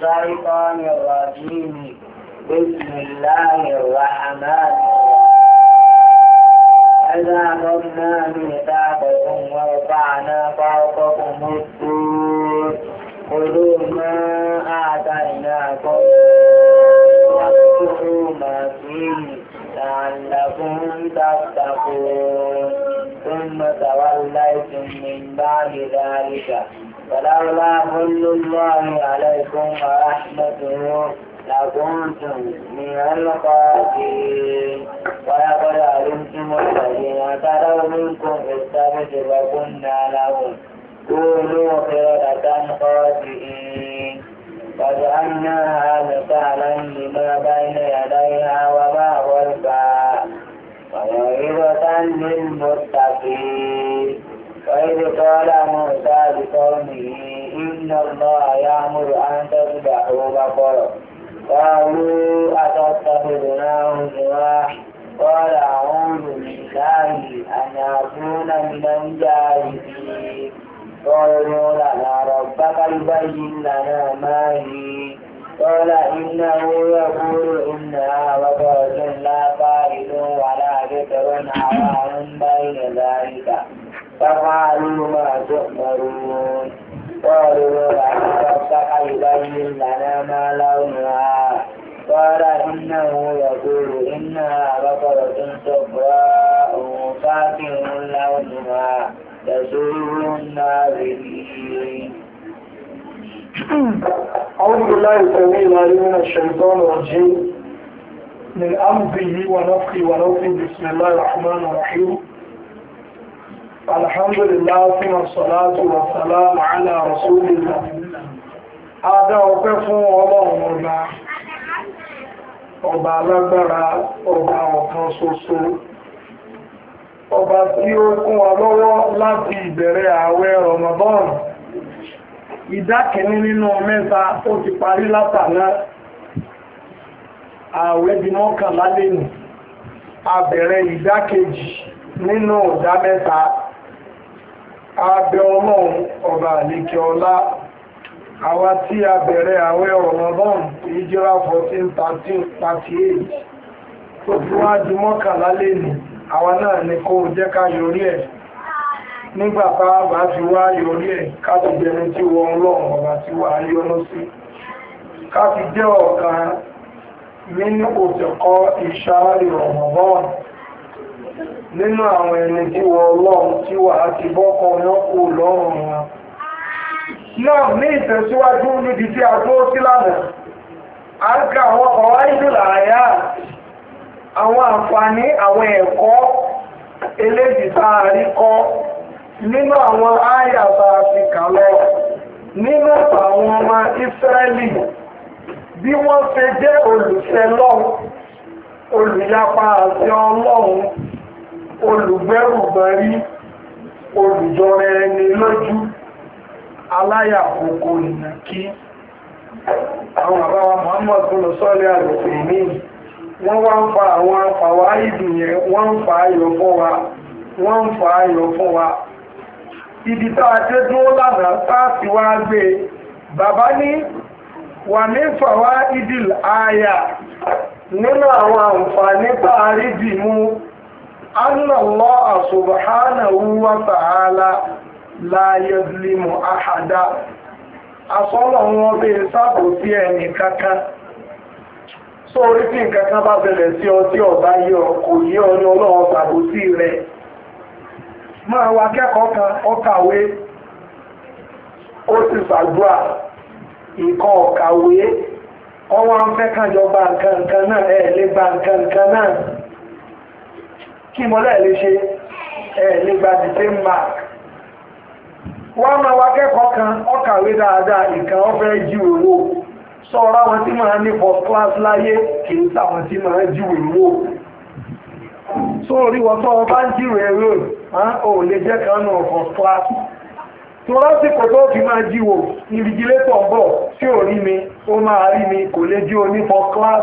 الشيطان الرجيم بسم الله الرحمن إذا قمنا ميثاقكم ورفعنا فوقكم الطور خذوا ما آتيناكم واذكروا ما فيه لعلكم تتقون ثم توليتم من بعد ذلك فلولا فضل الله عليكم ورحمته لكنتم من الخاسرين ولقد علمتم الذين تروا منكم السبت وكنا لهم كونوا قردة خاسئين وجعلناها مثالا لما بين يديها وما خلفها وموعظة للمتقين وإذ قال موسى لقومه إن الله يأمر أن تذبحوا بقرة قالوا أتتخذنا هزوا قال أعوذ بالله أن أكون من الجاهلين قالوا لنا ربك يبين لنا ما هي قال إنه يقول إنها بقرة لا فارض ولا ذكر عوان بين ذلك فقالوا ما تؤمرون قالوا لعلك ارتقى يبين لنا ما لونها قال إنه يقول إنها بقرة صفراء فاكهة لونها تسر الناظرين أعوذ بالله السميع العليم من الشيطان الرجيم من أمره ونفخه ونفخه بسم الله الرحمن الرحيم alhamdulillah fún ọ̀sọ̀látù ọ̀sọ̀lámù ala rasulillah adá ọpẹ́ fún ọlọ́run ọba ọba alágbára ọba ọ̀kan ṣoṣo ọba tí ó kún wa lọ́wọ́ láti ìbẹ̀rẹ̀ ààwẹ̀ Ramadan ìdá kìíní nínú mẹ́ta ó ti parí látàná ààwẹ̀ bí mọ́kànlá lẹ́nu abẹ̀rẹ̀ ìdá nínú ìdá mẹ́ta abẹ ọlọrun ọba àlékè ọlá àwa tí a bẹ̀rẹ̀ àwẹ̀ Ramadan ìjírá 1438 tó fi wá di mọ́kànlá lẹ́nu àwa náà ni kò jẹ́ ká yọrí ẹ̀ nígbà bá fi wá yọrí ẹ̀ ká ti tí ọba tí wà á sí ká nínú nínú àwọn ẹni tí wà á ti bọ́kọ̀ náà kò lọ́rùn wọn náà ní ìtẹ̀síwájú níbi tí a dúró sí lánàá a ń ka àwọn ọ̀rọ̀ ìdúlà àyà àwọn àǹfààní àwọn ẹ̀kọ́ eléyìí tá a rí kọ́ nínú àwọn àyà ti kà nínú àwọn ọmọ Ísírẹ́lì bí wọ́n ṣe jẹ́ olùṣẹ́ olùyapa àti ọlọ́hun olùgbẹ́rùgbẹ́rí olùjọra ẹni lójú aláyàkókò ìnà kí àwọn bàbá wa Muhammad bọ́lọ̀ sọ́ọ̀lẹ̀ àlùfẹ́ ní wọ́n wá ń fa àwọn afàwà ìdìyẹn wọ́n ń fa ayọ̀ fún wa wọ́n ń fa ayọ̀ fún wa ibi tá a dé dúró lánàá sáàsì wá gbé e. bàbá ní wà ní fàwà ìdìl àyà nínú àwọn àǹfààní tá a Allah subhanahu wa ta'ala la yazlimu ahada asolo won be sabo ti eni kaka so ri tin kaka ba bele si o ti o ba yo ko ni o ni olohun sabo ti re ma wa keko kan o kawe o ti sadua iko o kawe o wa n fe e le ba nkan kí mo lẹ́ẹ̀ lè ṣe ẹ̀ nígbà the mark wọ́n máa wá kẹ́kọ̀ọ́ kan ọkàwé dáadáa ìkan ọ̀fẹ́ jí owó àwọn tí máa ní first class láyé kì í sàwọn tí máa jí owó wọ́n tọ́ ọba ń jí rèé lè jẹ́ kan náà first class torásìkò tó fi máa jíwò ìrìgìlétọ̀ bọ̀ tí ò rí mi ó máa rí mi kò lè jí oní first class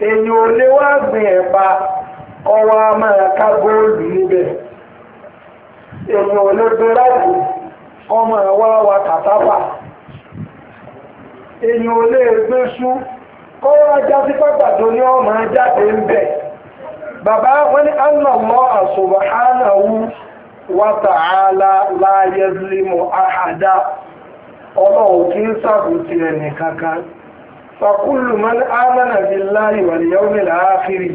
èyí ò lè wá gbìn ẹ̀pà ọwọ́ a máa ká góòlù níbẹ̀ èyí ò lè gbé ọmọ wa kàtàfà èyí ò lè gbé sú kọ́wọ́ ajá sí pàtàkì ní ọmọ jáde ń bẹ̀ bàbá wọn ni Allahu subhanahu ahada ọlọ́run kì í fàkúlù mọ́n ámànà bí láì wà ní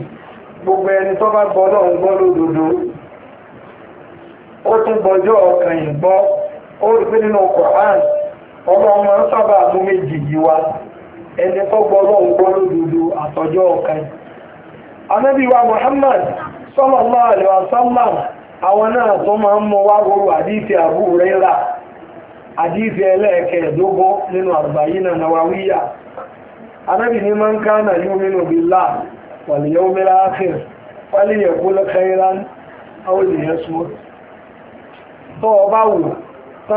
gbogbo ẹni tó bá gbọ́ náà gbọ́ lódodo ó tún gbọ́jọ́ ọkàn yìí ó rí pé nínú ń sábà mú méjì yìí ẹni tó gbọ́ gbọ́ ọkàn Muhammad àwọn náà tó máa ń wá wọ́rọ̀ àdífẹ́ àdífẹ́ ẹlẹ́ẹ̀kẹ́ẹ̀dógún nínú náà anábì ní máa ń ká náà yóò laa, bí láà wàlẹ̀ yóò mẹ́lá ákìr na yẹ kó lọ́kẹ́ ìran àwọn ènìyàn súnmọ́ tó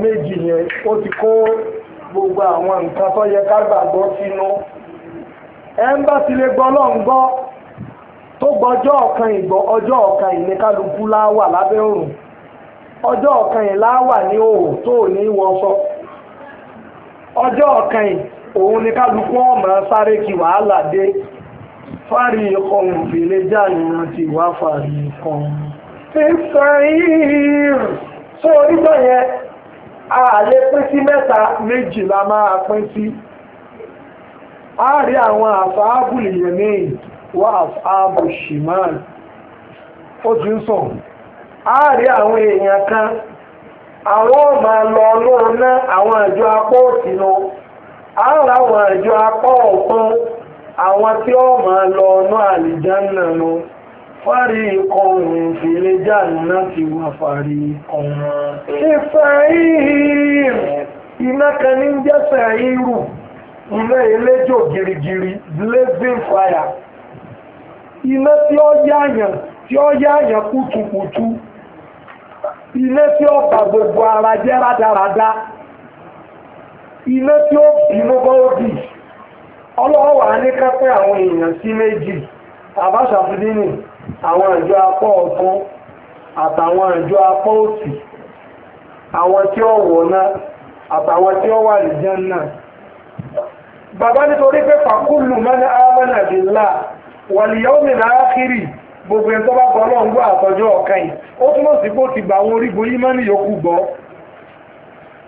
meji bá o ti gbogbo awọn nǹkan tó yẹ ká gbàgbọ́ sínú ẹ ń bá gbọ ọjọọ ọjọ́ ọ̀kan láwà ní òun ni kálukú ọmọ sáré kí wàhálà dé fárí ọkàn òfèlè jáde wọn ti wá fárí ọkàn. fífẹ́yìr tó a lè pín sí mẹ́ta méjì la máa a rí àwọn àfáàbùlì yẹmí wá àfáàbù shimal ó ti a rí àwọn èèyàn kan àwọn ọmọ lọ lóun náà àwọn àjọ apó òsì ara àwọn àjọ apá ọ̀pọ̀n àwọn tí ó ma lọ ọ̀nà àlìjánà nu fárí ikọrùn ìfìlẹ̀ jáàná ti wà fárí ọ̀hún. ìfẹ́ ìhìn iná kan ní jẹ́sẹ̀ irú iná eléjò girigiri blazing fire iná tí ó yáyàn tí ó yáyàn iná tí ó gbogbo ara jẹ́ iná tí ó bínú bá ó dì ọlọ́wọ́ wà ní kápẹ́ àwọn èèyàn sí méjì àbáṣàfidínì àwọn àjọ apọ́ ọ̀tún àtàwọn àjọ apọ́ òsì àwọn tí ó wọ̀ náà àtàwọn tí ó wà ní Jánnà bàbá nítorí pé fàkúlù mẹ́ni ámẹ́nà lè là wàlìyàwómi láàkiri gbogbo ẹ̀ tó bá gbọ́ ó túnmọ̀ sí pé ti gbà àwọn orígun yìí mẹ́ni yòókù gbọ́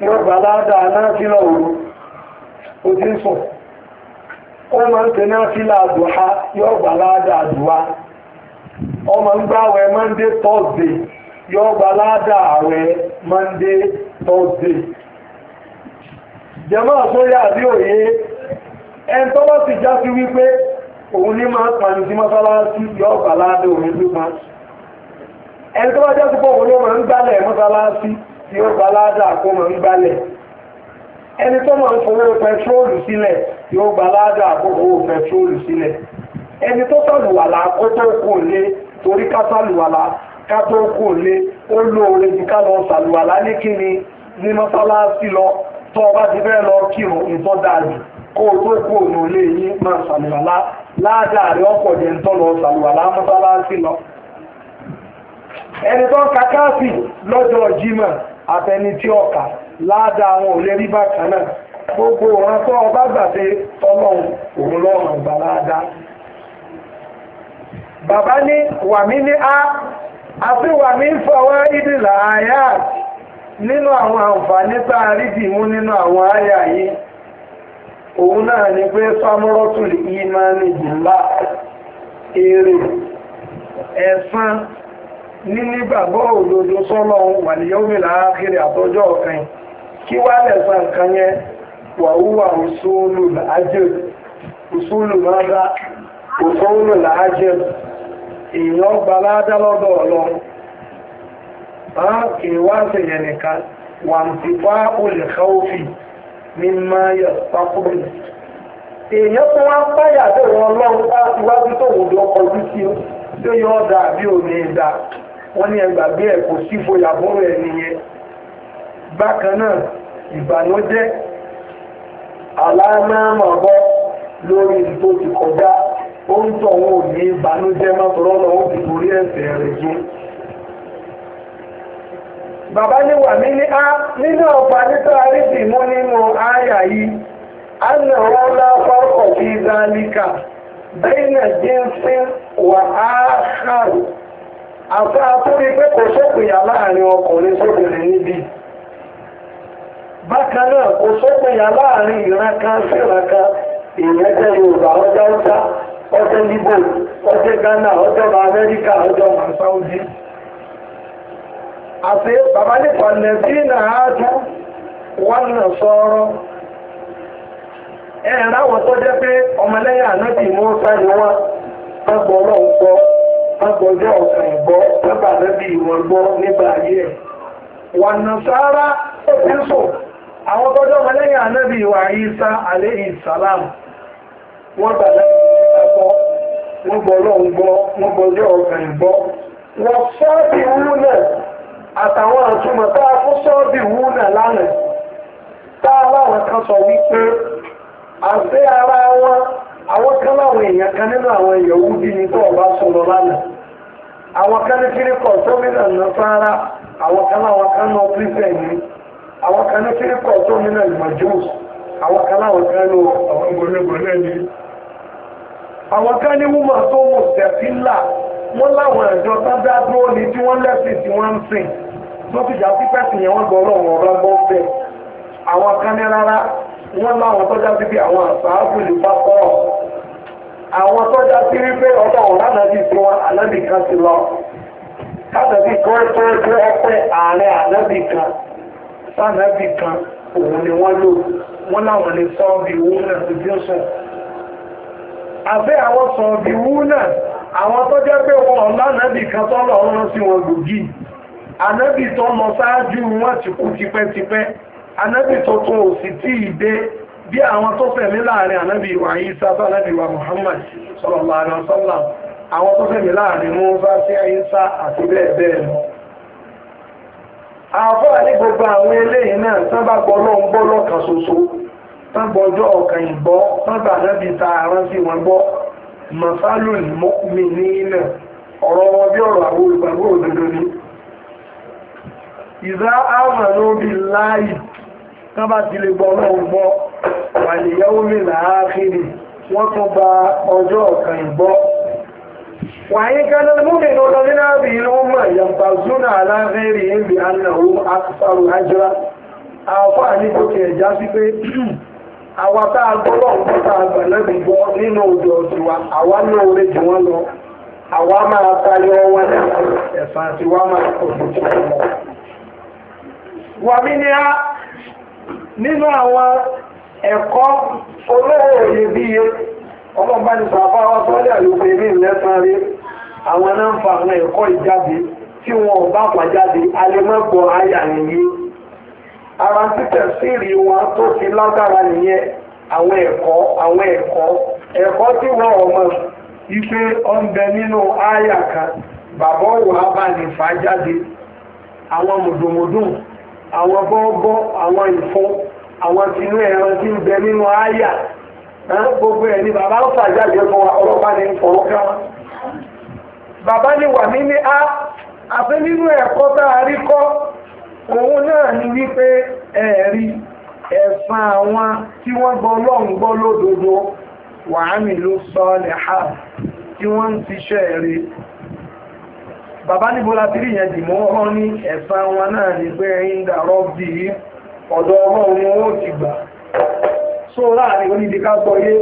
yóò gbà ládàá náà sí lọ òru ó ti ń ó máa ń tẹ̀lé sí làdùá yóò gbà ládàá àdùá ọmọ ń gbàwẹ̀ monday thursday yóò gbà ládàá àwẹ̀ monday thursday jẹ́mọ́ àsórí àbí òye ẹn tó ti já sí wípé òun ní máa pàní sí mọ́sálásí yóò òun tí ó gba ládàá kó máa ń gbálẹ̀ ẹni tó máa ń fowó pẹtrólù sílẹ̀ tí ó gba ládàá kó fowó pẹtrólù sílẹ̀ ẹni tó sàlùwàlà kó tó kò lé torí ká sàlùwàlà ká tó kò lé ó lóore ju ká lọ sàlùwàlà ní kíni ní mọ́sálásí lọ tó ọba ti fẹ́ lọ kírun nǹkan dáàbì kó o tó kò ní olé yín máa sàlùwàlà ládàá rẹ ọ̀pọ̀ jẹ́ ń tọ́ lọ sàlùwàlà mọ́sálásí lọ ẹni tó ń àtẹni tí ọkà ládàá wọn ò lè rí náà gbogbo òun tó ọba gbàdé ọlọ́run òun lọ́rùn ìgbà ládàá. bàbá ní wàmí ní a àti fọwọ́ ìdìlà àyà nínú àwọn àǹfààní tá a rí dìmú nínú àwọn àyà yìí òun náà ni pé nínígbàgbọ́ òdodo sọ́lọ́ wàlíyọ́mì láàkiri àtọ́jọ́ ọ̀kan kí wá lẹ̀sán nǹkan yẹn wàhúwà òṣòlù làájẹ́ òṣòlù lọ́dá òṣòlù làájẹ́ èèyàn gbaládá lọ́dọ̀ ọlọ́run kì í wá sí yẹn nìkan wà ń ti fá olùkọ́ọ̀fì ní máa yẹ pákúrò èèyàn tó wá ń báyà tó wọn lọ́wọ́ iwájú tó wùdó ọkọ̀ ojú ó yọ ọ́ bí ò ní í wọ́n ní ẹgbà bí ẹ̀ kò sí fòyà bọ́rọ̀ ẹ̀ nìyẹn bákan náà ìbànújẹ́ aláàmàbọ́ lórí tó ti kọjá ó ń tọ̀ wọn ò ní ìbànújẹ́ mọ́tòrọ́ lọ ó ti torí ẹ̀ṣẹ̀ rẹ̀ jẹ́ bàbá ní wà mí afọ a pé kò sópìyà láàrin ọkùnrin sóbìnrin níbi bákan náà kò sópìyà láàrin ìran kan sí ìran kan èèyàn jẹ́ Yorùbá ọjọ́ ọjà ọjọ́ níbò ọjọ́ Ghana ọjọ́ Amẹ́ríkà ọjọ́ Saudi àti bàbá nípa nẹ̀bínà ájú wọ́n nà sọ̀rọ̀ agbọ̀jọ́ ọ̀sán ìgbọ́ lábà lẹ́bí ìwọ̀n gbọ́ nípa ayé ẹ̀ wà nà sáárá ẹ̀sọ̀ àwọn tọ́jọ́ ọmọlẹ́yìn ànábì ìwà Ìsá alayhi salam wọ́n bà lẹ́bí ìgbọ́ wọ́n gbọ́ lọ́hùn gbọ́ wọ́n gbọ́jọ́ ọ̀sán ìgbọ́ wọ́n sọ́ọ̀bì wú náà àtàwọn àtúmọ̀ tá a fún sọ́ọ̀bì wú náà lánàá tá a láwọn kan sọ wípé àṣẹ ara wọn àwọn kan láwọn èèyàn kan nínú àwọn ìyẹ̀wù bí ní tó ọba sọ̀rọ̀ lánàá àwọn kan ní kiri kọ̀ sọ́mìnà nàfàrà àwọn kan láwọn kan náà pípẹ́ ní àwọn kan ní kiri kọ̀ sọ́mìnà ìmọ̀jọ́s àwọn kan láwọn kan ní àwọn gbọ̀nẹ́gbọ̀nẹ́ ní. àwọn kan ní wúmọ̀ tó mọ̀ sẹ́fílà wọ́n láwọn ẹ̀jọ́ tó dá dúró ní tí wọ́n lẹ́sìn tí wọ́n ń sìn tó ti pípẹ́ sí yẹn wọ́n gbọ́ wọ́n láwọn tọ́já sí bí àwọn àṣàábù lè bá kọ́ àwọn tọ́já sí wípé ọ̀dọ̀ ọ̀rá náà ti fi wọn ànábì kan ti lọ kádàbí kan tó tó ọpẹ́ ààrẹ ànábì kan sànábì kan òun ni wọ́n lò wọ́n láwọn lè sọ bí owó náà tó bí ó sùn àbẹ́ àwọn sọ bí owó náà àwọn tọ́já pé wọn ọ̀lá ànábì kan tọ́lọ̀ ọ̀rán sí wọn gbòógì ànábì tó lọ ṣáájú wọn ti kú tipẹ́tipẹ́ anábì tuntun ò sì tí ì dé bí àwọn tó fẹ̀mí láàrin anábì wa Ìsá anábì wa Muhammad sallallahu alaihi wasallam àwọn tó fẹ̀mí láàrin Mùsá sí Ìsá àti bẹ́ẹ̀ bẹ́ẹ̀ lọ àfáà ní gbogbo àwọn eléyìí náà tán bá gbọ́ lọ́n gbọ́ lọ́kàn ṣoṣo tán gbọ́ ọjọ́ ọ̀kan ìgbọ́ tán bá anábì ta aránsì wọn gbọ́ mọ̀sálù mi ní náà ọ̀rọ̀ wọn bí ọ̀rọ̀ àwọn olùgbàgbọ́ òdodo ni ìzá àmàlóbi láì wọ́n bá ti lè gbọ́ ọlọ́run gbọ́ wàlìyàwó mi làákìrì wọ́n tún gba ọjọ́ ọ̀kan ìgbọ́. wàyí kan múmi ní ọdún nínú àbí ìlú mọ̀ yàtọ̀ zúnà aláfẹ́rì ìbí anáwó akọ̀rọ̀ àjọra àwọn àní kò tiẹ̀ a gbọ́ a gbà lẹ́bi gbọ́ nínú ní nínú àwọn ẹ̀kọ́ olówó òyebíye ọlọ́mọbánisọ̀ àbáwá sọ́lẹ̀ àyòkè ní ìlẹ́sàn rí àwọn náà ń fa àwọn ẹ̀kọ́ ìjáde tí wọn bá pàjáde alẹ́mọ́gbọ̀ ayà nìyí ara títẹ̀ sí àwọn ẹ̀kọ́ ẹ̀kọ́ ẹ̀kọ́ tí wọ́n ọmọ ife ọ̀nbẹ nínú ayà kan bàbá òwò àwọn bọ́ọ̀bọ́ àwọn ìfọ́ àwọn tinú ẹran tí ń bẹ nínú àyà gbogbo ẹ̀ bàbá ń fàjáde fún wa ọlọ́pàá ní fọ̀rọ̀ ká wọn. bàbá ní wà ní ní a àfi nínú ẹ̀kọ́ tá a rí kọ́ òun náà ni wípé ẹ̀rí ẹ̀sán àwọn tí wọ́n gbọ́ ọlọ́run gbọ́ lódodo wàhánì ló sọ ọ́ lẹ́hà tí wọ́n ń tiṣẹ́ rí bàbá níbo la ti rí yẹn dì mọ́ ọlọ́run ní ẹ̀san wọn náà ní pé ń dàrọ́ bí ọ̀dọ̀ ọlọ́run wọn ó ti gbà so láàrin onídìí ká sọ yé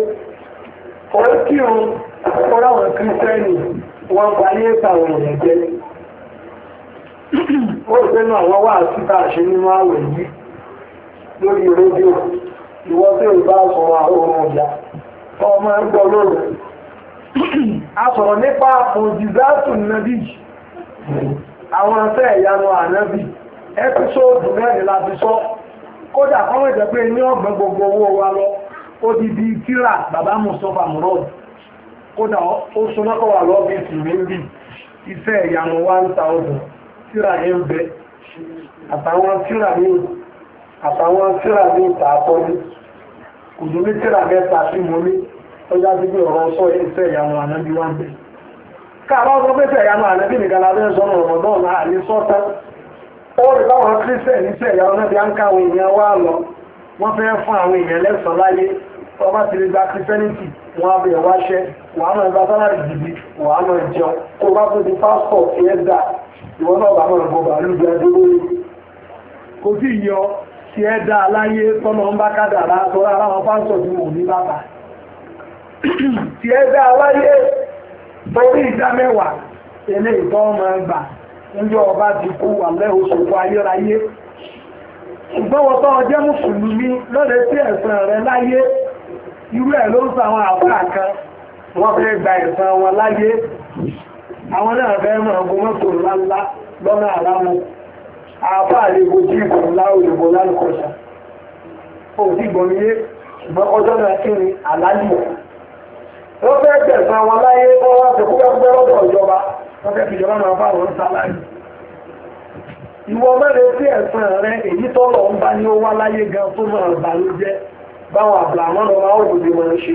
ó kí òun kọ́ra àwọn kírísítẹ́nì wọn gba ní ẹ̀ka àwọn èèyàn jẹ́ ó rò pé náà wọ́n wà síta àṣẹ nínú àwẹ̀ yìí lórí rédíò ìwọ tí ò bá sọ̀rọ̀ àwọn ọmọ ìyá ọmọ ẹgbẹ́ olóòrùn a sọ̀rọ̀ nípa àpò jìzásù nàbíjì àwọn afẹ́ ìyanu ànábì ẹ́písòdù mẹ́rin sọ kódà kọ́wọ́ ìjọ ní gbogbo owó wa lọ ó di bí kíra bàbá mustapha murad kódà ó súnmọ́kọ̀ wà lọ́bí tìrìndì iṣẹ́ ìyanu 1000 ẹ̀ àtàwọn kíra ní ní kíra mẹ́ta sí sí pé ọ̀rọ̀ ka ọdún pé sẹ̀yà máa lẹ́bí nìkan la fẹ́ sọ́nà ọ̀mọ̀dán náà àní sọ́tán ó rí báwọn ní bí a ń ká èèyàn wá lọ wọ́n fẹ́ fún àwọn èèyàn lẹ́sàn ọba ti wọn á bẹ̀rẹ̀ wáṣẹ́ wàá gba bá tó di pásítọ̀ dà ìwọ náà bá bàálù bí adébóyè kò sí yọ torí ìdá mẹ́wàá ilé ìtọ́ ọmọ ẹgbà níbi ọba ti kú wà lẹ́hùsùkú ayérayé ṣùgbọ́n wọ́n tọ́ ọjẹ́ mùsùlùmí lọ́dẹ sí ẹ̀sìn rẹ láyé irú ẹ̀ ló ń sọ àwọn àbúrà kan wọ́n fẹ́ gba ẹ̀sìn wọn láyé àwọn náà fẹ́ mọ̀ ọgbọ́n mọ́tò ńláńlá lọ́nà àlámù àáfà àlebo tí ìbò ńlá òyìnbó lálùkọ̀ṣà òsì gbọ̀nyé ṣùgbọ́n ọjọ́ náà kí ni àlálùmọ̀ wọ́n fẹ́ gbẹ̀sán wọn láyé wọ́n wá tẹ̀kú gbẹ́ lọ́dọ̀ ìjọba wọ́n fẹ́ fi ìjọba máa bá wọn sáláyé ìwọ mẹ́rin sí ẹ̀sán rẹ èyí tọ́lọ̀ ń bá ní ó wá láyé gan tó máa bà ló jẹ́ báwọn àbàlámọ́ lọ máa wò ní máa ṣe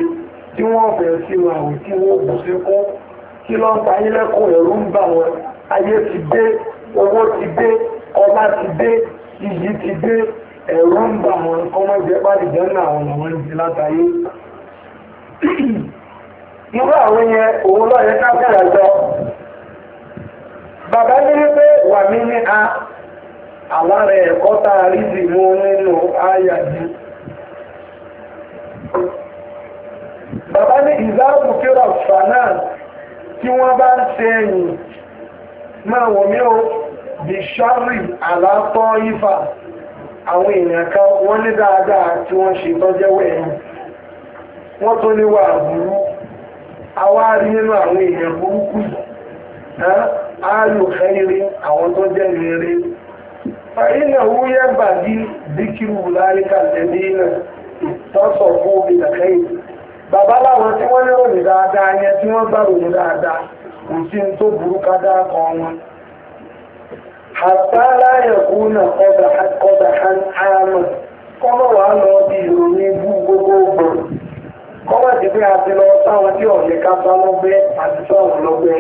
tí wọ́n fẹ́ sí wọn àwò tí wọ́n bù sí kọ́ kí ló ń pa ayé lẹ́kọ̀ọ́ ẹ̀rú ń bà wọn ayé ti dé owó ti dé ọlá ti dé iyì ti dé ẹ̀rú ń bà wọn kọ́mọ́jẹ́ pàdé jẹ́ náà àwọn làwọn ń di látàyé irú àwọn yẹn òun lọ́yẹ káfíńà jọ bàbá ní wípé wà mí ní a àwọn rẹ̀ ẹ̀kọ́ tá a rí sí mú nínú àyà yìí bàbá ní ìzáàbù kíra fànà tí wọ́n bá ń ṣe ẹ̀yìn máa wọ̀ mí o bishari alátọ́ ifá àwọn èèyàn kan wọ́n ní dáadáa tí wọ́n ṣe tọ́jẹ́wọ́ wọ́n tún ní wà àwa rí nínú àwọn èèyàn burúkú ààrùn ẹ̀rẹ́ àwọn tó jẹ́ rere fàílẹ̀ wúyẹ́ bàdí díkìrù láríkà tẹ̀lẹ́nà tọ́sọ̀ fún ìdàkẹ́yìn bàbá láwọn tí wọ́n lérò ní dáadáa yẹn tí wọ́n gbàrò ní dáadáa kò sí tó burú ká dákọ̀ wọn àtàlá ẹ̀kú náà kọ́dà hàn áàmù kọ́mọ̀ sí pé a lọ sáwọn tí ọ̀yẹ́ ká bá lọ́gbẹ́ àti sọ́ọ̀rọ̀ lọ́gbẹ́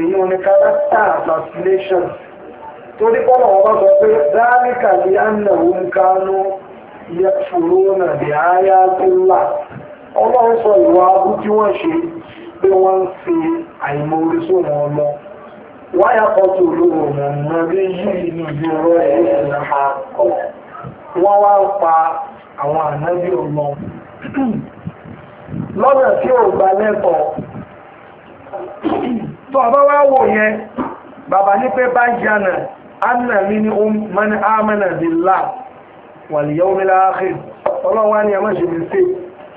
èyí ò ní kárátà translation tó ní kọ́mọ̀ wọn bá sọ pé dáríkà ní ànàwó ń kánú yẹ fòró nà ní àyà tó là ọlọ́run sọ ìwà abú tí wọ́n ṣe pé wọ́n ń fi àìmọ̀ orí sóhun ọlọ́ wáyà kan tó lóhùn ọ̀nà rí yìí ní ìlú ọ̀rọ̀ ẹ̀ wọ́n wá ń pa àwọn ànábì ọlọ́run lọ́nà tí ò gbà lẹ́kọ̀ọ́ tó ọba wá wò yẹn bàbá ní pé bájánà anna mi ni mani amana billah wal yawmil akhir ọlọ́run wá ní ẹmọ́ ìṣèlú sí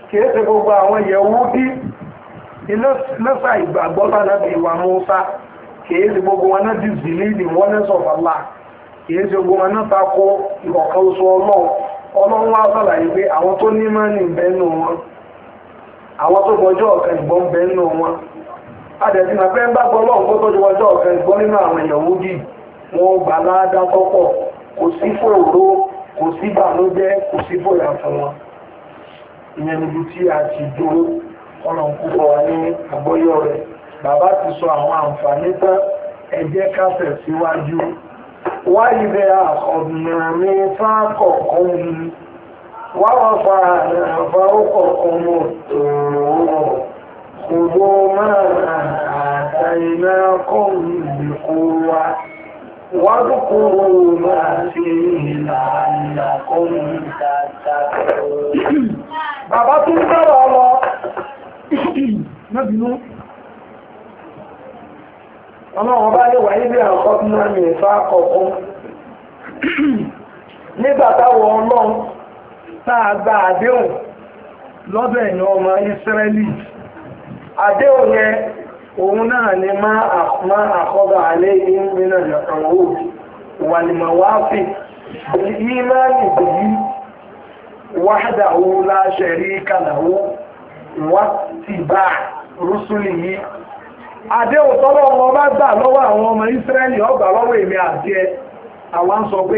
kìí ṣe gbogbo àwọn yẹ̀wò bí ilẹ́sà ìgbàgbọ́ lánàbí ìwà Mùsá kìí ṣe gbogbo wọn náà di zìlìlì wọn náà sọ̀fà gbogbo wọn náà takò àwọn tó gbọ́jọ́ ọ̀kan ìbọn bẹ nínú wọn adẹ̀sí máa fẹ́ ń bá gbọ́ lọ́wọ́ tó tọ́jú ọjọ́ ọ̀kan ìbọn nínú àwọn èèyàn wúdì wọn gbà láàdá tọ́pọ̀ kò sí fòró kò sí bànújẹ́ kò sí fòyà fún wọn ìyẹn níbi tí a ti dúró ọlọ́run púpọ̀ wá ní àgbọ́yọ̀ rẹ̀ bàbá ti sọ àwọn àǹfààní tán ẹ jẹ́ ká tẹ̀síwájú wáyé bẹ́ẹ̀ àkọ́dùnmí ورفعنا فوقكم الطور خذوا ما آتيناكم بقوة واذكروا ما فيه لعلكم تتقون bàbá tó ń bẹ̀rẹ̀ ọlọ mẹ́bìnú ọlọ́run bá lè wáyé bí àkọ́kọ́ náà ní ìfá àkọ́kọ́ ọlọ́run táa gba àdéhùn lọ́dọ̀ èèyàn ọmọ Ísírẹ́lì àdéhùn yẹ òun náà ni má àkọ́gbà alẹ́ àwọn ìrànwọ́ wà ní màwáfì ìmáàlì bìí wahdahu la sharika lahu wá ti bá rúsùlì àdéhùn ọmọ bá gbà lọ́wọ́ àwọn ọmọ ọgbà lọ́wọ́ èmi àti ẹ àwọn sọ pé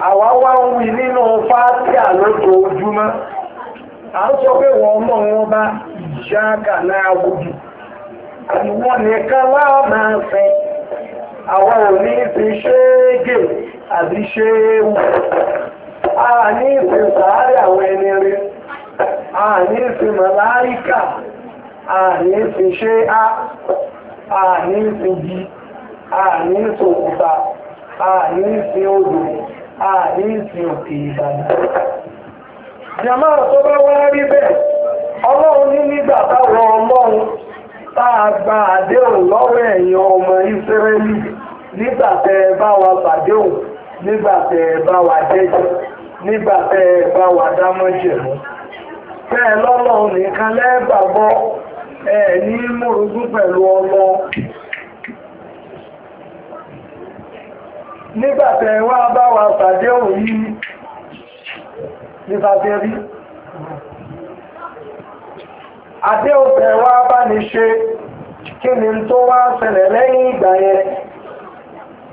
Awawa wá ń wí nínú fátíà lójoojúmọ́ à ń sọ pé wọ́n mọ̀ wọn bá ìṣáàkà náà wùdù ìwọ nìkan láà máa fẹ́ àwa ò ní fi àbí a ní ìsìn àwọn ẹni a ní ìsìn màláríkà a ní a ní a ní ìsìn òkúta a ní ìsìn a àìsí òkè ìbàdàn. jama tó bá wá rí bẹ́ẹ̀ ọlọ́run ní nígbà táwọn ọlọ́run tá a gba àdéhùn lọ́wọ́ ẹ̀yin ọmọ ìsírẹ́lì nígbà tẹ ẹ bá wa ṣàdéhùn nígbà tẹ ẹ bá wa jẹ́jẹ́ nígbà tẹ bá wa dámọ́jẹ̀ mú. bẹ́ẹ̀ lọ́lọ́run nìkan lẹ́ẹ̀gbàgbọ́ ẹ̀ ní múrugún pẹ̀lú ọlọ́run. nígbàtẹ̀ wá bá wa pàdé òun yìí nígbàtẹ̀ rí àdéhùnfẹ́ wá bá ní ṣe kí ni tó wá ṣẹlẹ̀ lẹ́yìn ìgbà yẹn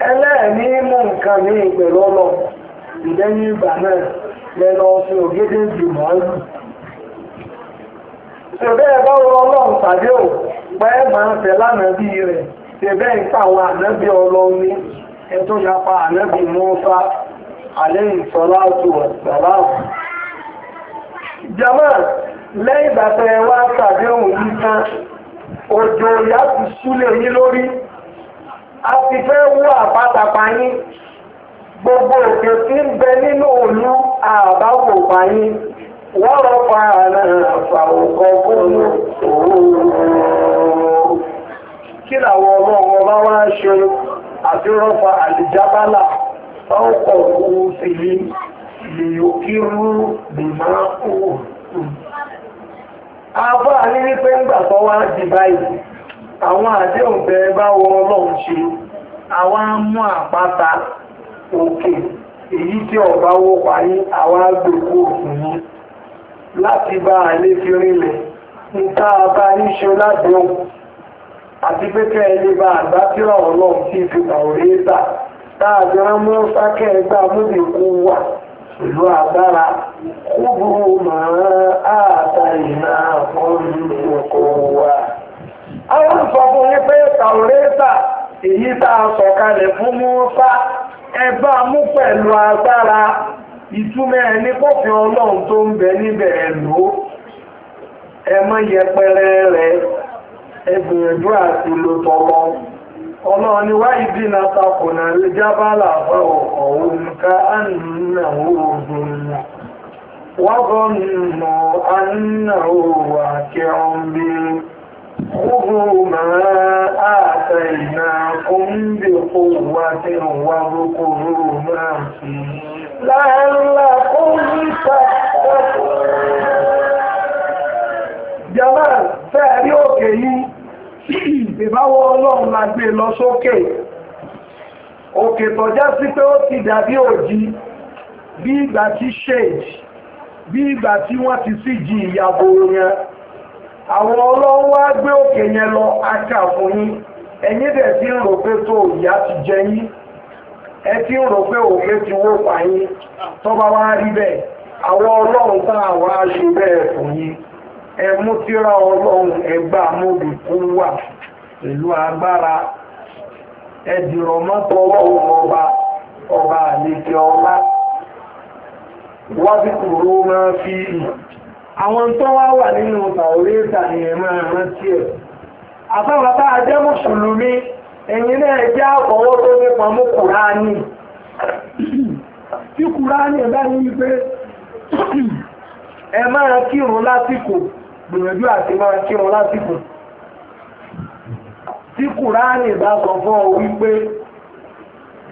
ẹlẹ́ẹ̀ní mú nǹkan ní ìpẹ̀lú ọlọ ìdẹ́yìn ìgbà náà lẹ́nu ọ̀sìn ògédé jùmọ̀ ọ́nù ṣèbẹ́ ẹ bá wọ ọlọ́run pàdé ò pẹ́ máa ń fẹ́ lánàá bí rẹ̀ ṣèbẹ́ ìpàwọn ànábí ọlọ́run ẹ̀tọ́ yapa ànábì Mùsá àlẹ́yìn sọ́láàtù ọ̀sàláàtù jama lẹ́yìn ìgbàtẹ̀ wá tàbí ohun yìí tán òjò ìyá ti súlẹ̀ yín lórí a ti fẹ́ wú àpátápá yín gbogbo òkè tí ń bẹ nínú òlú àbáwòpá yín wọ́n rọ pa àná àfàwòkọ fóònù òwúrò kí làwọn ọmọ wọn bá wá ṣe àti rọ́fà àlìjábálà ọkọ̀ òṣèlú lèyókírú bìmá òòrùn. Abọ́ àní wípé ńgbà tó wá di báyìí, àwọn àdéhùn bẹ̀rẹ̀ bá wọ ọlọ́run ṣe, àwa a mú àpáta òkè èyí tí ọba wó parí àwa gbogbo òfin yìí láti bá àlè fi rinlẹ̀. a bá ń ṣe ládéhùn àti pé kẹ́ ẹni bá àgbá tíra ọlọ́run tí fi kàwé tà táàbí wọn mú sákẹ́ ẹgbẹ́ amúbì kú wà pẹ̀lú agbára kúburú màá àtàyìnà ọ̀nùkọ̀ wa. àwọn sọ fún yín pé kàwé tà èyí tá a sọ kalẹ̀ fún Mùsá ẹ bá mú pẹ̀lú agbára ìtumọ̀ ẹ̀ ní kófin ọlọ́run tó ń bẹ níbẹ̀ ẹ̀ lò ẹ mọ yẹpẹrẹ rẹ̀. ẹgbìyànjú àti lo tọmọ ọmọ oníwá na náà a náà lè jábálà fún ọ̀hún ká àníyàn oògùn وظنوا أنه واقع بهم a ما na بقوة واذكروا ما فيه لعلكم تتقون. Jàmáà fẹ́ẹ̀rí òkè yìí ìbáwọ́ ọlọ́run la gbé lọ sókè òkè tọ́já sí pé ó ti dàbí òjì bí ìgbà tí shade bí ìgbà tí wọ́n ti sì jí ìyàbò yẹn àwọn ọlọ́run wá gbé òkè yẹn lọ aka fún yín ẹ̀yin dẹ̀ ti ń rò pé tó ìyá ti jẹ yín ẹ ti ń rò pé òkè ti wó pa yín tọ́ba wá rí bẹ́ẹ̀ àwọn ọlọ́run tá àwa ṣe bẹ́ẹ̀ fún yín. ẹmú tíra ọlọ́run ẹgbà mọ́bì tó wà pẹ̀lú agbára ẹdìrọ̀ mọ́tò ọlọ́run ọba ọba àlejò ọlá wábí kúrò máa fi ì àwọn tó wá wà nínú tàwórẹ́ta ni ẹ máa rántí ẹ̀ àbáwọn bá a jẹ́ mùsùlùmí ẹ̀yin náà jẹ́ àkọ́wọ́ tó nípa mú kùránì tí kùránì ẹ̀ bá ní wípé ẹ máa kírun lásìkò gbìyànjú àti máa kírun lásìkò tí kùránì bá sọ fún ọ wípé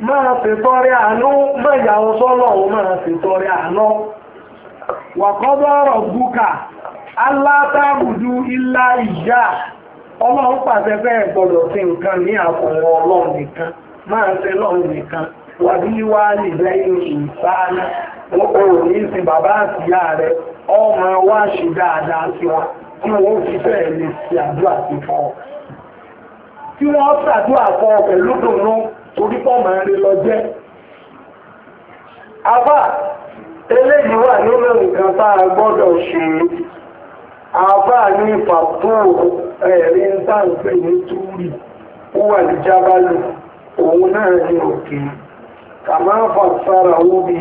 máa ṣètọrẹ àánú mẹ́yàwó sọ́nà òun máa ṣètọrẹ àánú wàkọ́bọ̀rọ̀ gúkà alátàbùdú ilá ìyá ọlọ́run pàṣẹ bẹ́ẹ̀ gbọ́dọ̀ sí nǹkan ní àfọwọ́ ọlọ́run nìkan máa ṣe lọ́run nìkan wàbí wá nílẹ̀ lẹ́yìn ìsáná wọn kò ní ìsìn bàbá àtìyá rẹ̀ ọmọ wá ṣe dáadáa sí wọn tí wọ́n fi bẹ́ẹ̀ lè ṣe àdúrà sí fún tí wọ́n ṣàdúrà fún pẹ̀lú dùnú torí pọ̀ máa lọ jẹ́. àbá eléyìí wà nínú nǹkan tá a gbọ́dọ̀ ṣe àbá ní fàtúù ẹ̀rí ń bá ń ní túrì ó wà ní jábálù òun náà ní òkè kàmáfà sára bí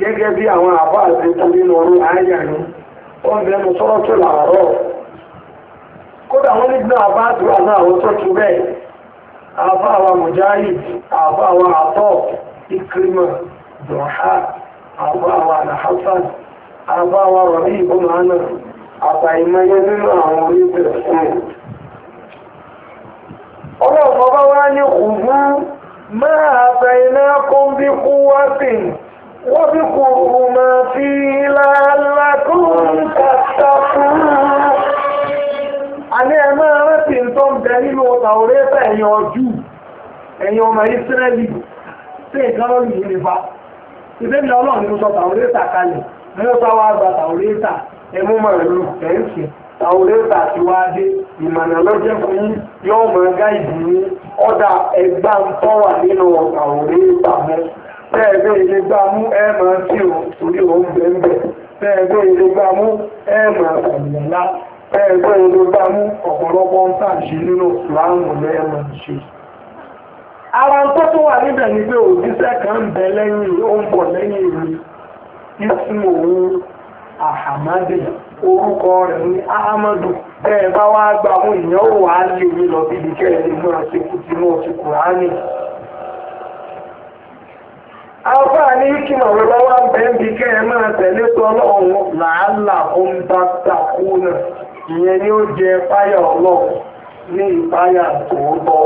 gẹ́gẹ́ bí àwọn àbá àti nínú ọrún wọ́n bẹ̀rẹ̀ sọ́rọ̀ tó làárọ̀ kódà wọ́n nígbà àbá àdúrà náà wọ́n tó tu bẹ́ẹ̀ àbá àwa Dọha, àbá àwa àtọ́ ikrima dọ̀ha àbá bá wá ní máa bẹ̀rẹ̀ náà واذكروا ما فيه لعلكم تتقون àní ẹ máa rántí tó ń bẹ nínú tàwọ́rẹ́sà ẹ̀yìn ọjú ẹ̀yìn ọmọ ìsírẹ́lì tí ìkan lọ́nà yìí nípa ìdẹ́ mi ọlọ́run nínú sọ tàwọ́rẹ́sà kalẹ̀ mú sáwọ́ àgbà tàwọ́rẹ́sà ẹmú mọ̀ ẹ̀lú ẹ̀ǹsì tàwọ́rẹ́sà ti wá dé ìmọ̀nà lọ́jẹ́ fún yín yóò mọ̀ gáìdì yín ọ̀dà ẹgbàá ń tọ́wà nínú tàwọ́rẹ́sà mẹ́sàn tẹ́ẹ̀bẹ́ ilé gbá mú ẹ̀mà tí ò torí òun bẹ̀ẹ̀bẹ̀ tẹ́ẹ̀bẹ́ ilé gbá mú ẹ̀mà àmìlá tẹ́ẹ̀bẹ́ ilé gbá mú ọ̀pọ̀lọpọ̀ ara tó tó wà níbẹ̀ ni pé òjíṣẹ́ kan ń bẹ lẹ́yìn ó ń bọ̀ lẹ́yìn ahamadu bá wá gbà mú ìyẹn ó wà á ti kùránì afọ a ní ma màá lọ́wọ́ bẹ́ẹ̀bì kẹ́ ẹ máa tẹ̀lé tọ́lọ́run làálà òun bá takú náà ìyẹn ni ó jẹ páyà ọlọ́run ní ìpáyà ọmọ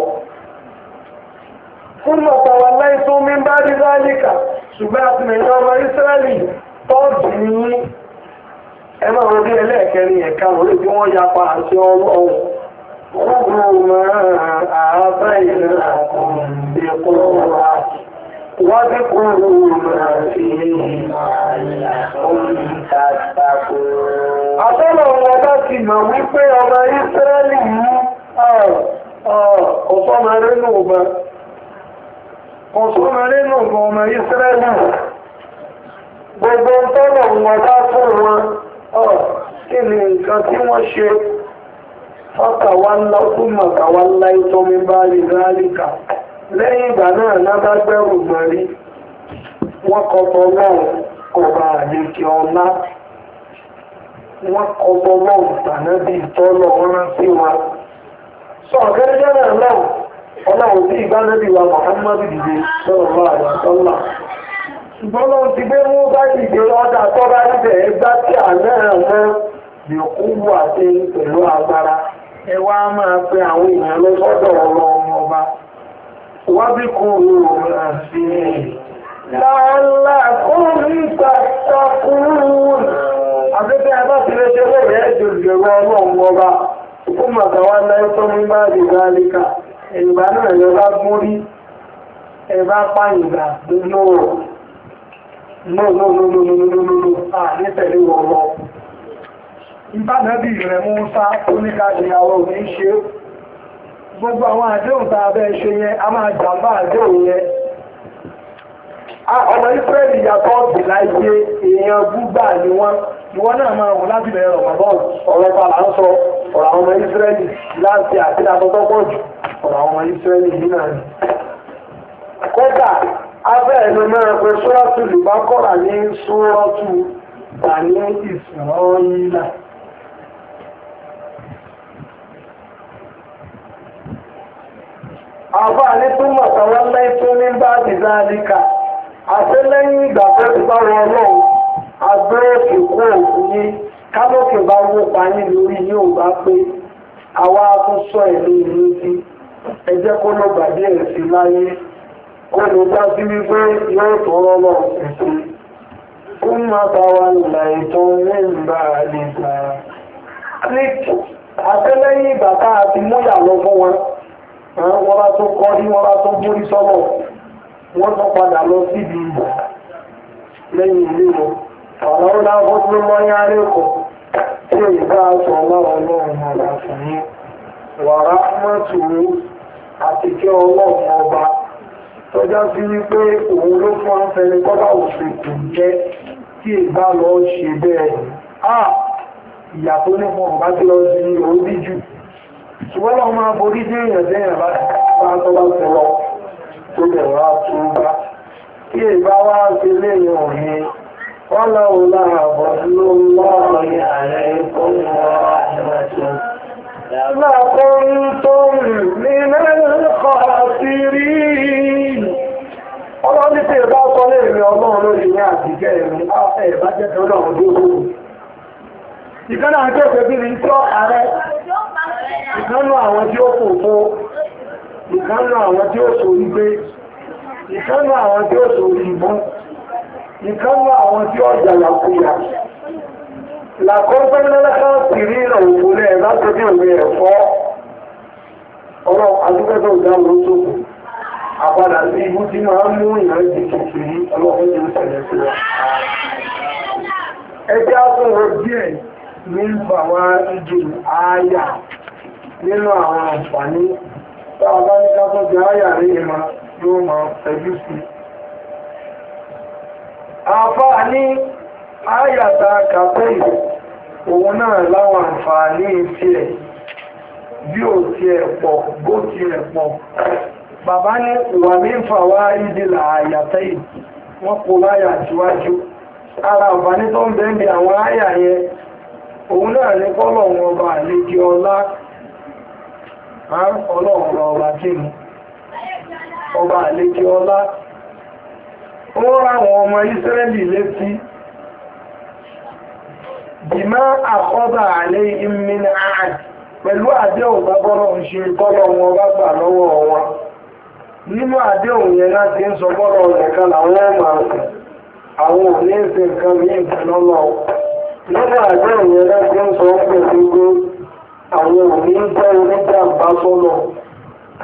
ẹ lórí bí wọ́n yapa àti ọlọ́run kúrò máa àbáyé àkùnrin kúrò واذكروا ما فيه لعلكم تتقون àtọ́lọ̀ wọn bá ti mọ̀ wípé ọmọ ìsírẹ́lì mú ọ̀sọ́mọ rínú ọba ọ̀sọ́mọ rínú ọba ọmọ ìsírẹ́lì fún wọn kí ìtọ́mí bá rí rálíkà lẹ́yìn ìgbà náà lábágbẹ́rù mọ̀rí wọ́n kọ́bọ̀ lọ́rùn kọba àlejò ọlá wọ́n kọ́bọ̀ lọ́rùn bí tọ́lọ̀ ọ̀rán sí wa sọ ọ̀gẹ́gẹ́ náà náà ọlọ́run sí wa dìde وذكروا ما فيه لعلكم تتقون àbíkí abáfilé ṣe lórí ẹ̀jù ìjọba ọlọ́run ọba fún màkàwá láyé tó ń bá dìgbà àríkà ẹ̀yìnbá náà ẹ̀yọ́ bá gúnrí ẹ̀bá pàyìnbá nínú ọ̀rọ̀ sá oníkàdé àwọn òní ṣe gbogbo àwọn àdéhùn tá a bẹ́ẹ̀ ṣe yẹn a máa jàmbá àdéhùn yẹn ọmọ Ísírẹ́lì yàtọ̀ gbìláyé èèyàn gbúgbà ni wọ́n ìwọ náà máa wò láti bẹ̀rẹ̀ Ramadan ọ̀rọ̀ pa là ń sọ ọ̀rọ̀ àwọn ọmọ láti àti àtọ́tọ́ pọ̀ jù ọ̀rọ̀ àwọn ọmọ yìí náà ni. kódà abẹ́ ẹ̀nu mẹ́rin pé àfáàní túmọ̀ sọ̀rọ̀ ńlá tó ní bá dìda àdìka àti lẹ́yìn ìgbà tó ti bá wọn lọ òkú yín kálókè bá wó payín lórí yín ò bá pé àwa tó sọ ìlú kó ló ẹ̀ sí láyé kó ló sí wípé yóò tó sí kó má bá a ti múyà lọ fún wọ́n bá tó kọ́ ní wọ́n bá tó mórí sọ́wọ́ wọ́n tó padà lọ síbi ìbò lẹ́yìn ilé wọn ọ̀nà ó dáwọ́ tó mọ́ ní àríkọ̀ tí èyí bá sọ ọlọ́run lọ́run ọ̀rọ̀ àfẹ́yìn wàrà mọ́tòrò àti kí ọlọ́run ọba tọ́já sí wípé òun ló fún afẹ́ni kọ́bá òṣèlú jẹ́ tí ìbá lọ ṣe bẹ́ẹ̀ ah! ìyà tó nífọ̀n bá ti lọ sí orí jù ṣùgbọ́n lọ́wọ́ máa borí dé èèyàn lẹ́yìn bá tó bá ti lọ tó bẹ̀rẹ̀ wá tó bá kí ìbá wá ṣe léèyàn òye wọ́n lọ wò láàbọ̀ ló ń lọ́ ọ̀yẹ́ ààrẹ tó ń wọ àjọṣe. Lọ́la kan tó rìn ní lẹ́lẹ́kọ̀ àti rí. ìkánná àti òkèbí ni sọ ààrẹ ìkánná àwọn tí ó kò àwọn tí ó sọ igbe ìkánná àwọn tí ó sọ ìbọn ìkánná àwọn tí ó jàlá kúyà làkọ́gbẹ́ lọ́lọ́kọ́ sì rí ìrànwọ́ lẹ́ láti bí òwe ẹ̀fọ́ ọ̀rọ̀ adúgbẹ́sọ̀ ìdáwó tó kù àpadà sí ibú tí máa ń mú á tún díẹ̀ nígbà wá ìjì àáyà nínú àwọn àǹfààní tá a bá ní kápọ́jì àáyà rí ìmọ̀ yóò máa pẹ̀lú sí àǹfààní àáyà tá a kàpẹ́ yìí òun náà láwọn àǹfààní tiẹ̀ bí ò tiẹ̀ pọ̀ bó tiẹ̀ pọ̀ bàbá ní wà ní fàwa ìdí làáyà tẹ́yìn ara tó ń bẹ́ẹ̀ àwọn òun náà ní kọ́lọ̀wọ̀n ọba àlejò ọlá ọlọ́ọ̀rọ̀ ọba jìnnà ọba àlejò ọlá ó ráwọn ọmọ Ísírẹ́lì létí bìmá àkọ́bà àlẹ́ ìmìnà ààrẹ pẹ̀lú àdéhùn bábọ́lọ̀ ń ṣe kọ́lọ̀wọ̀n ọba gbà lọ́wọ́ nínú yẹn láti ń sọ bọ́lọ̀ làwọn ọmọ àwọn òní ń nǹkan mìíràn lọ́lọ́wọ́ nígbà àgbà ìyẹn láti ń sọ pé gbogbo àwọn òní ń jẹ́ oníjàmbá sọ́nà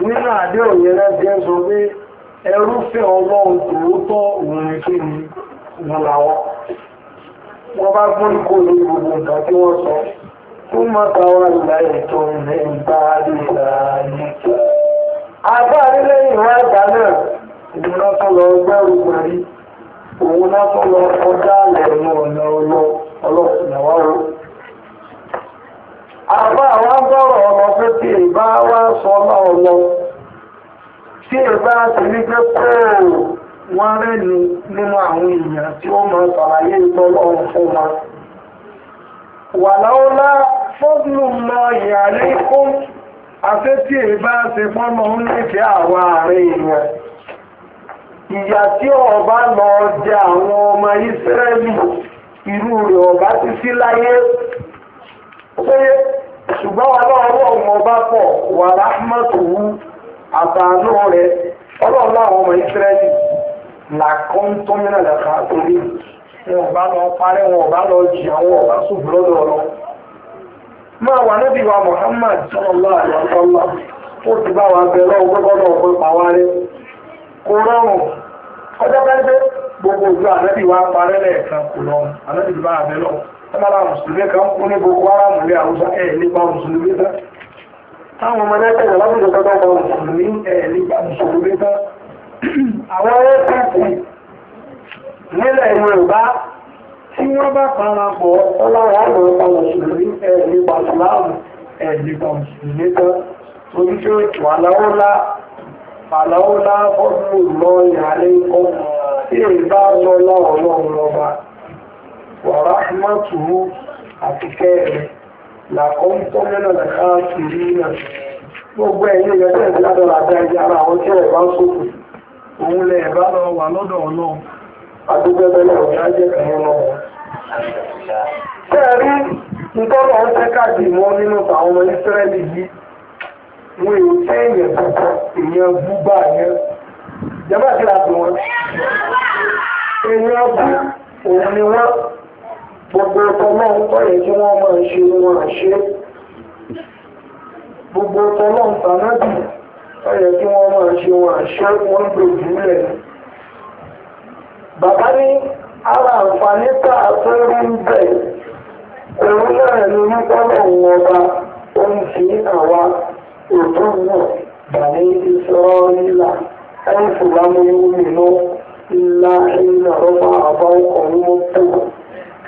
nígbà àdé òyìn láti ń sọ pé ẹrúfẹ́ ọlọ́run tòótọ́ òun kí ni wọn làwọn wọ́n bá gbọ́n kó ní gbogbo nǹkan tí wọ́n sọ fún mọ́ta wà láì tó ń lọ tí ẹ̀bá àtìrí jẹ́ kóòrò wọ́n rẹ́ni nínú àwọn èèyàn tí ó máa sàlàyé ìtọ́lọ́run fún wa wà láọ́lá fọ́dúnlù mọ ìyàlẹ́ kó afẹ́ tí ẹ̀bá àti pọ́nà ń nífẹ̀ẹ́ àwọn ààrẹ èèyàn ìyà tí ọba lọ jẹ àwọn ọmọ Ísírẹ́lì irú rẹ̀ ọba ti sí láyé ó ṣùgbọ́n wa náà ọlọ́run ọba pọ̀ wà láhmàtúwú àtàánú rẹ̀ ọlọ́run ọmọ ìsírẹ́lì làkún tó mìíràn lẹ́ka torí wọn ọba lọ parẹ́ wọn ọba lọ jì àwọn ọba ṣùgbọ́n lọ́dọ̀ lọ. máa wà níbi wa Muhammad lára mùsùlùmí kan kú ní boko haram ní àwùjọ ẹ̀ nípa mùsùlùmí tán táwọn ọmọ ẹgbẹ́ ìyàwó àwùjọ kan tọ́pa mùsùlùmí ẹ̀ nípa mùsùlùmí tán àwọn apc nílẹ̀ yorùbá tí wọ́n bá parapọ̀ ọlọ́run àgbọ̀ nípa mùsùlùmí ẹ̀ nípa sùláàmù ẹ̀ nípa mùsùlùmí tán torí tí ó tù aláwọ́lá aláwọ́lá fọ́dún lọ́ọ̀yà lẹ́kọ̀ọ́ tí èyí wàrà mọ́tòmó àti kẹrẹ làkọ́ ń tọ́ mẹ́nà lẹ́ka tìrí náà gbogbo ẹ̀yìn ìyẹ́sẹ̀ ìdíládọ́ra àti ẹja ara àwọn tí ẹ̀ bá sókò òun lẹ̀ bá lọ wà lọ́dọ̀ ọlọ́run adúgbẹ́bẹ́lẹ̀ ọ̀gá jẹ́ kàn án lọ́wọ́ tẹ́ẹ̀rí ìtọ́nà ń fẹ́ káàdì mọ́ nínú àwọn ọmọ ìsírẹ́lì yìí wọn èyí tẹ́ èèyàn tuntun èèyàn bú bá yẹn jẹ́bàá kí la pè wọ́n èèyàn bú òun ni wọ́n gbogbo ọlọ́run tọ́yẹ̀ tí wọ́n máa ṣe wọn àṣẹ gbogbo ọlọ́run tànábì tọ́yẹ̀ tí wọ́n máa ṣe wọn àṣẹ wọ́n gbòjú lẹ̀ bàbá ní ara àǹfààní tá a tó rí ń bẹ̀ òun náà ni nípọ́nà òun ọba òun sì ń àwa ètò náà bàní ìsọ́ọ́lá ẹ̀fọ́ lámúyúmínú ńlá ìnà rọ́bà àbáwọ̀kọ̀ ní mọ́tò.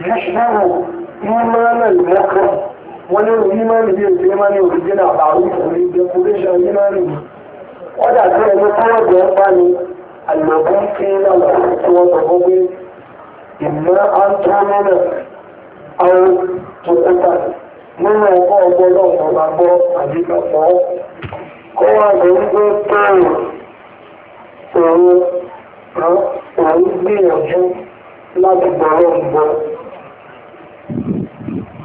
يشبه إيمان المكر ولو إيمان بالإيمان يريدنا معروف بالديكوريشن إيماني ودا كده مطور بيطاني المبون فينا الحرط والضبوبي إما أن تؤمن أو تقتل nínú ọkọ̀ ọgbọ́ lọ́wọ́ bá gbọ́ àdíkàpọ̀ kó wà ní gbé tóòrò òun gbìyànjú láti gbọ́rọ̀ ń gbọ́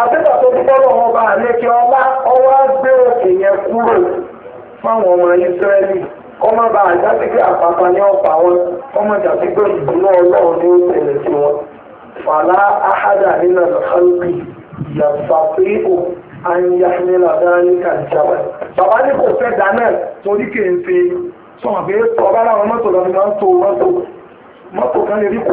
àtẹ́gbà tó ti bọ́lọ̀ wọn bá àlékè ọlá ọwọ́ gbé òkè yẹn kúrò fáwọn ọmọ ìsírẹ́lì kọ́mọ bá àjásí pé àpapà ní ọ̀pá wọn kọ́mọ jàsí pé ìdùnnú ọlọ́run ní ó sí wọn. fàlà áhádà nínú àlùkálùkì yàtọ̀ pé ó anyahmila dáníkà ìjàmbá. bàbá ní kò fẹ́ dáná torí kéńté sọ̀rọ̀ pé ọ̀bá làwọn mọ́tò lọ́ọ́ máa ń to mọ́tò mọ́tò kan lè rí kó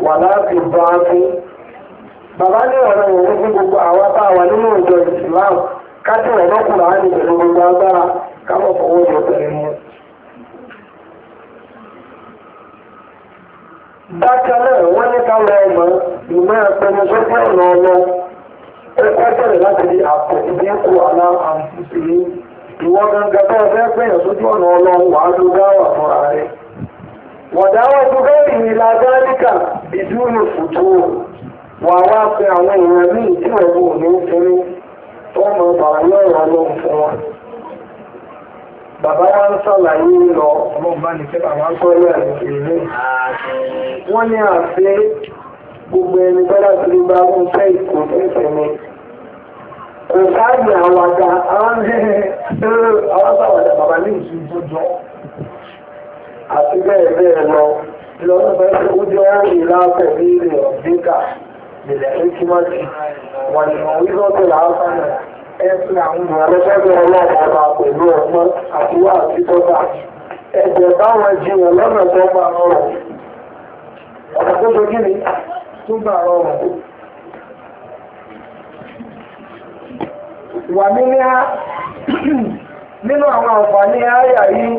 wà láti bọ́ ákú. Bàbá ní ọ̀rọ̀ òun fún gbogbo àwa tá a wà nínú ìjọ ìsìláàmù kájú ọ̀nà kùnà á ní pẹ̀lú gbogbo agbára káwọ̀ fọwọ́ jọ pẹ̀lú wọn. Bákan náà wọ́n ní ká lọ ọmọ ìmọ̀ ẹ̀pẹ̀lú sókè ọ̀nà Ó láti di àpò ìdínkù àǹtí ìwọ́n gangan tó pẹ̀yàn sójú ọ̀nà ọlọ́run wọ̀dáwọ́dún bẹ́ẹ̀ ni lágbáríkà ìdúró fùtó wà wá pé àwọn èèyàn míì tí ọ̀wọ́ ò ní fún tó mọ bàbá lọ́rọ̀ ló ń fún wa. Bàbá wa ń sàlàyé lọ sọ́yà ìlú. Wọ́n ní àfẹ́ gbogbo ẹni bọ́lá tí ó bá ń fẹ́ ìkó Kò sáàyè àwàdà àwọn àwọn àwàdà bàbá ní ìṣújọ́jọ́. àti bẹ́ẹ̀ bẹ́ẹ̀ lọ lọ́nà bẹ́ẹ̀ ó jẹ́ ìlàpọ̀ ní ilẹ̀ ọ̀dẹ́gà ìlẹ̀ ìkímọ́tì wọ́n ni wọ́n wíwọ́ tó làásán ẹ fi àwọn ìrànlọ́sọ́dọ̀ ọlọ́ọ̀pọ̀ ọba pẹ̀lú ọgbọ́n àti wá àti tọ́ta ẹ̀jẹ̀ báwọn lọ́nà tó rọrùn ni tó rọrùn wà nínú àwọn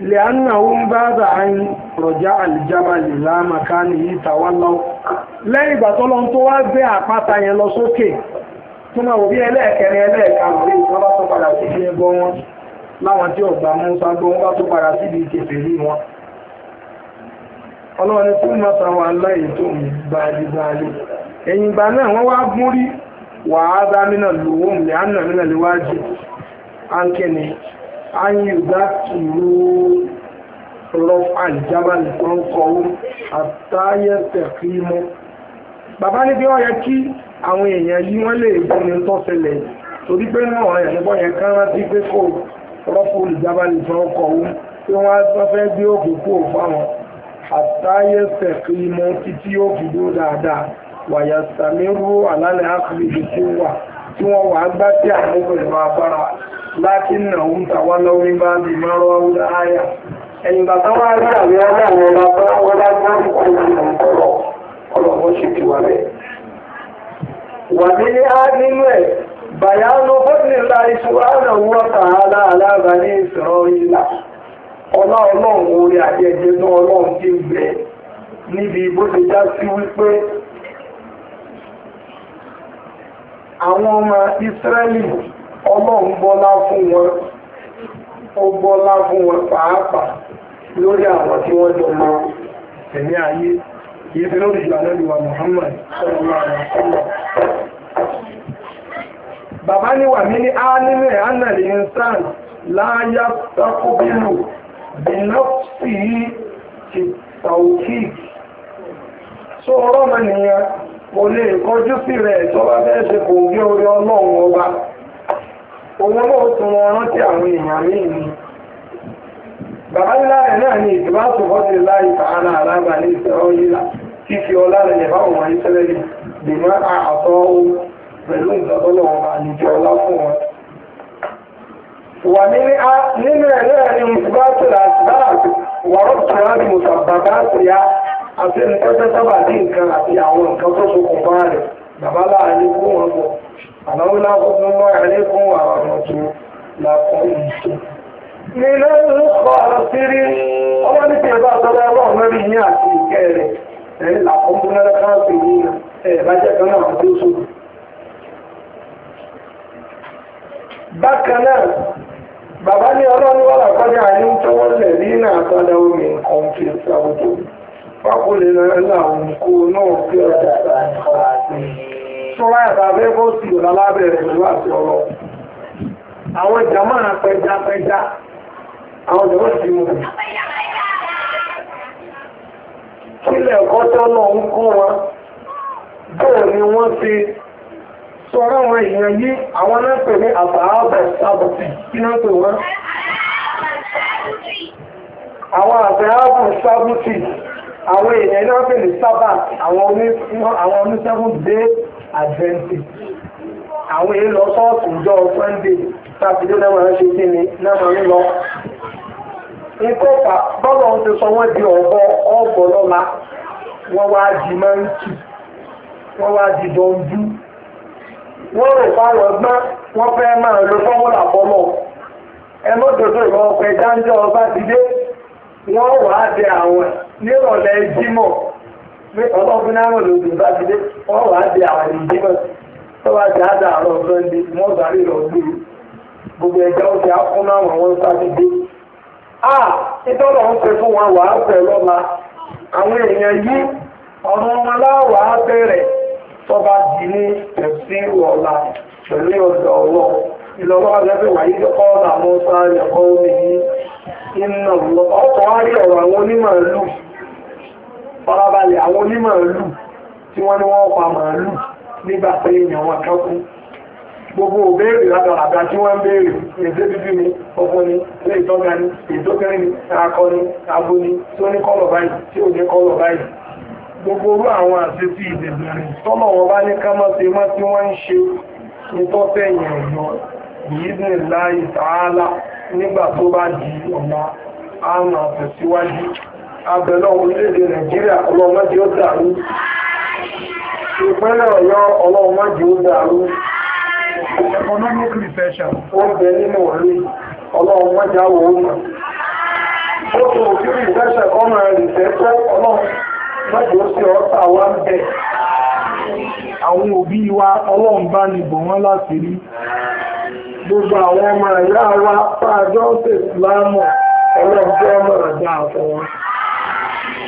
lẹ́ànáhùn bá dà án rọ̀já àlìjábalì lámàká ní ìtawà lọ lẹ́yìn ìgbà wá gbé àpáta yẹn lọ sókè tó máa wò bí ẹlẹ́ẹ̀kẹrin lè wọ́n bá tó padà sí ilé ẹgbọ́n wọn láwọn tí ọ̀gbà Mùsá gbọ́ wọ́n bá tó padà wọn ọlọ́run ayíǹdá kìlú rọf àìjábá nìkan kọwú àtàyẹ̀tẹ̀ kí mọ́ bàbá ní bí wọ́n yẹ kí àwọn èèyàn yí wọ́n lè gbọ́n ní tọ́sẹ̀lẹ̀ torí pé náà wọ́n yẹ̀ nígbọ́n yẹn kán rántí pé kò rọ́pò olùjábá nìkan kọwú pé wọ́n o sọ fẹ́ gbé òkú kú òfáwọn àtàyẹ̀tẹ̀ kí mọ́ títí yóò fi dúró dáadáa wàyà sàmírú àlálẹ̀ áfíríkì tí wọ́n wà tí wọ́n wà á gbá sí àwọn pẹ̀lú agbára lákín náà ń tàwá lọ́wọ́ bá di márọ́ àwúdá áyà ẹ̀yìnbà tó wá rí àwọn ọlọ́run ọba tó wọ́n bá gbọ́ ìkọlù ọ̀rọ̀ ọlọ́run ṣe ti wà bẹ́ẹ̀. wà nílé á nínú ẹ̀ bàyánú fọ́nìlá ìṣúwárà wọ́n tààlà aláàbà ní ìṣòro ìlà ọlá ọlọ́run orí àjẹjẹ náà ọlọ́run ti ń bẹ níbi bó ṣe já sí wípé àwọn ọmọ ìsírẹ́lì ọlọ́run bọ́lá fún wọn ó fún wọn pàápàá lórí àwọn tí wọ́n jọ mọ ẹ̀mí ayé yìí lórí ìjọ alẹ́lúwa Muhammad bàbá níwà mí ní ánìmẹ̀ ánàlì insan láyá takobinu bìnọ́fì ti tàùkì so ọ̀rọ̀ kò lè kọjú sí òun náà tún wọn rántí àwọn èèyàn míì ni bàbá ńlá náà ni ìdìbò àtúbọ̀tì láì fàánà alága ní ìṣẹ̀rọ̀ yíla fífi ọlá rẹ̀ bá wọn ìṣẹ̀lẹ̀ yìí dèmọ́ àtọ́ ohun pẹ̀lú ìdọ́tọ́lọ̀ wọn àlejò ọlá fún wọn. wà nínú wàrọ̀ àti ya àti ẹni sábà dín nǹkan àti àwọn nǹkan tó rẹ̀ فلولا فضل الله عليكم ورحمته لكنتم ẹ̀bá àtọ́lá ọlọ́run mẹ́rin ní àti ìkẹ́ rẹ̀ ẹ̀rí làkọ́kún náà káàkiri ní ẹ̀bá kan náà àti oṣù bákan bàbá ní ọlọ́run lẹ̀ ṣọ́ra ẹ̀ta abẹ́kọ́ sí ọ̀nà lábẹ́rẹ̀ pẹ̀lú àti ọ̀rọ̀ àwọn jàmá pẹja pẹja àwọn jàmá sí mu kílẹ̀ ẹ̀kọ́ tọ́nà ń kọ́ wọn bóò ni wọ́n ti sọ̀rọ̀ àwọn èèyàn yí àwọn náà pè ní àbáàbọ̀ sábọ̀tì kí náà pè wọ́n àwọn àbáàbọ̀ sábọ̀tì àwọn èèyàn náà pè ní sábà àwọn oníṣẹ́gun dé adventist àwọn èyí lọ sọ́ọ̀tù ìjọ sunday sátidé náà máa ń ṣe kí ni náà máa ń lọ nǹkan fà bọ́lọ̀ ń ti sọ wọ́n di ọ̀bọ ọ̀bọ lọ́la wọ́n wá di mọ́ǹkì wọ́n wá di dọ̀ndú wọ́n rò fáwọn ọgbọ́n wọ́n fẹ́ máa lo fọ́wọ́là fọ́lọ́ ẹ mọ́tòtò ìwọ ọkọ̀ ẹ̀dá ń jẹ́ ọba ti dé wọ́n wàá dẹ àwọn nírọ̀lẹ́ jímọ̀ pé ọlọ́run náà mọ̀ lóògùn bá wọ́n wàá di àwọn ìdíjọ́ tó bá ti àdá àárọ̀ sọ́ndé wọ́n sáré lọ gbé gbogbo ẹ̀jẹ̀ ó ti ákún wọ́n sáré dé. a ìtọ́lọ̀ ń pè fún wọn wàá pẹ̀ lọ́la àwọn èèyàn yìí ọ̀nà wọn láwàá bẹ̀rẹ̀ tó bá di ní ẹ̀sìn ọ̀la pẹ̀lú ọ̀dọ̀ ọlọ́run ìlọ́wọ́ agbẹ́fẹ́ wà kọ́ ọ̀nà sáré ọkọ̀ omi yìí ọkọ̀ rí farabalẹ̀ àwọn onímàálù tí wọ́n ní wọ́n pa màálù nígbà pé èèyàn wọn kánkú gbogbo òbéèrè látàràgbà tí wọ́n ń béèrè èdè bíbí mi ọkùn ni ilé ìtọ́ga ni ìdókẹ́rin ni akọ ni abo ni tí ó ní kọ́lọ̀ báyìí tí ò ní kọ́lọ̀ báyìí gbogbo orú àwọn àṣetí ìdẹ̀bẹ̀rẹ̀ tọ́lọ̀ wọn bá ní ká máa ṣe mọ́ tí wọ́n ń ṣe nítọ́tẹ̀yìn ọ̀yọ́ ìyídùn láì tààlà nígbà tó bá di ọ̀la àmà tẹ̀síwájú abẹ̀lọ́ orílẹ̀-èdè nàìjíríà ọlọ́mọdé ó dàrú ìpínlẹ̀ ọ̀yọ́ ọlọ́mọdé ó dàrú economic nínú orí ọlọ́mọdé àwọ̀ ọmọ ó tó òfin recession ọmọ rẹ̀ tó ó sì ọ́ta wá ń bẹ̀ àwọn òbí wa ọlọ́mbá ni bọ̀ wọ́n láti rí gbogbo àwọn ọmọ ìyá wa pàjọ́ ọmọ àfọwọ́n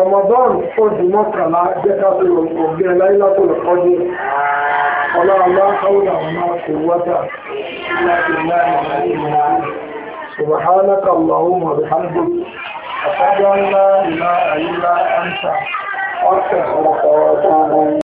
Ramadan fọ́dù mọ́kànlá jẹ́ká tó lọ ọ̀gbẹ́ láìláàtò lọ́kọ́dé ọlọ́ọ̀lá káwọ́dà máa kò wọ́dà láti láì láì láì subhanaka allahumma bihamdik ashhadu an la ilaha illa anta astaghfiruka wa atubu